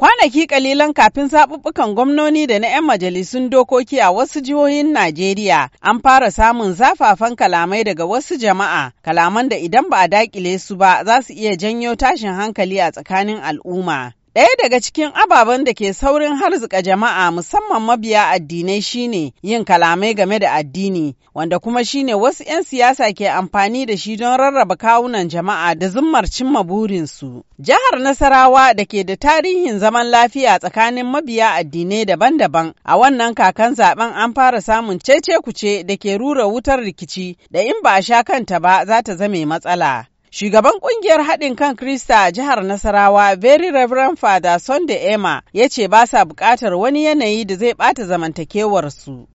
Kwanaki kalilan kafin zaɓuɓɓukan gwamnoni da na 'yan majalisun dokoki a wasu jihohin Najeriya an fara samun zafafan kalamai daga wasu jama'a, kalaman da idan ba a daƙile su ba za su iya janyo tashin hankali a tsakanin al'umma. Ɗaya daga cikin ababen da ke saurin harzika jama'a musamman mabiya addinai shine yin kalamai game da addini, wanda kuma shine wasu 'yan siyasa ke amfani da shi don rarraba kawunan jama'a da zummar cimma burinsu. Jihar Nasarawa da ke da tarihin zaman lafiya tsakanin mabiya addinai daban-daban, a wannan kakan zaben an fara samun cece-kuce da ke rura wutar rikici da in ba a sha kanta ba za ta zame matsala. Shugaban kungiyar haɗin kan Krista a jihar Nasarawa, Very Reverend Father Sunday Emma, ya ce ba sa buƙatar wani yanayi da zai ɓata zamantakewarsu.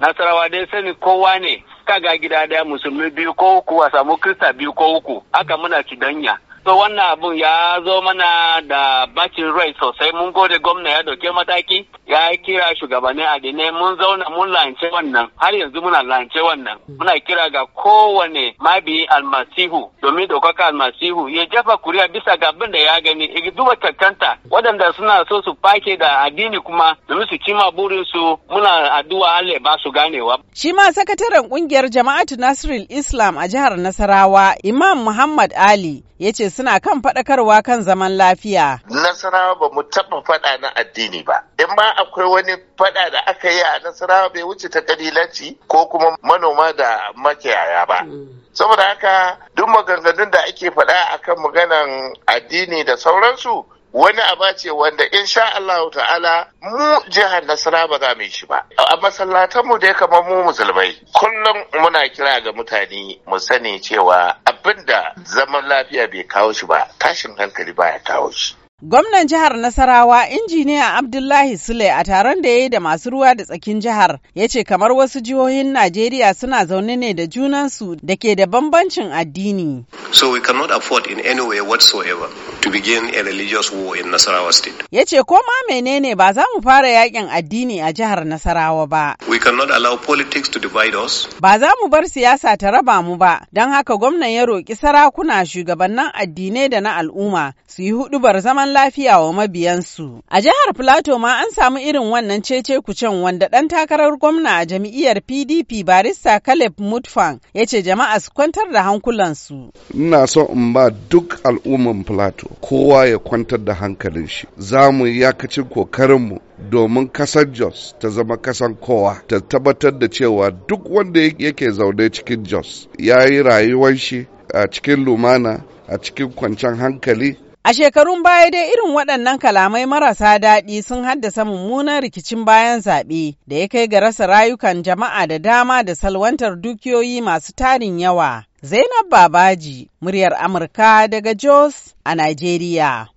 Nasarawa dai sani kowa ne, kaga gida daya musulmi biyu ko uku a samu Krista biyu ko uku, aka muna danya. so wannan abun ya zo mana da bacin rai sosai mun gode gwamna ya dauke mataki ya kira shugabannin adine mun zauna mun lance wannan har yanzu muna lance wannan muna kira ga kowane mabi almasihu domin ɗaukaka almasihu ya jafa kuriya bisa ga abin da ya gani ya duba cancanta waɗanda suna so su fake da addini kuma domin su cima burin su muna addu'a Allah ba su ganewa. Shi ma sakataren kungiyar jama'atu nasiru Islam a jihar Nasarawa Imam Muhammad Ali yace. suna kan faɗakarwa kan zaman lafiya. Nasarawa ba mu taɓa faɗa na addini ba. In ma akwai wani faɗa da aka yi a Nasarawa bai wuce ta ƙabilanci ko kuma manoma da makiyaya ba. Mm. Saboda haka duk maganganun da ake faɗa akan maganan addini da sauransu wani aba ce wanda insha Allah ta'ala mu jihar Nasara ba za mu yi shi ba a masallatanmu da ya kamar mu musulmai kullum muna kira ga mutane mu sani cewa abinda zaman lafiya bai kawo shi ba tashin hankali baya kawo shi Gwamnan jihar Nasarawa injiniya Abdullahi Sule a taron da ya yi da masu ruwa da tsakin jihar ya ce kamar wasu jihohin Najeriya suna zaune ne da junansu da ke da bambancin addini. So we cannot afford in any way whatsoever to begin a religious war in Nasarawa state. Ya ce ko ma menene ba za mu fara yakin addini a jihar Nasarawa ba. We cannot allow politics to divide us. Ba za mu bar siyasa ta raba mu ba, don haka gwamnan ya roƙi sarakuna shugabannin addinai da na al'umma su yi hudubar zaman lafiya wa mabiyansu. A jihar Plateau ma an samu irin wannan cece kucen wanda ɗan takarar gwamna a jam'iyyar PDP barista Caleb Mutfang ya ce jama'a su kwantar da hankulansu. Ina so in ba duk al'umman Plateau kowa ya kwantar da hankalin shi za mu yi yakacin kokarinmu domin kasar jos ta zama kasan kowa ta tabbatar da cewa duk wanda yake zaune cikin jos ya yi rayuwar shi a cikin lumana a cikin kwancen hankali A shekarun baya dai irin waɗannan kalamai marasa daɗi sun haddasa mummunan rikicin bayan zaɓe da ya kai ga rasa rayukan jama'a da dama da salwantar dukiyoyi masu tarin yawa. Zainab Babaji, muryar Amurka daga Jos a Najeriya.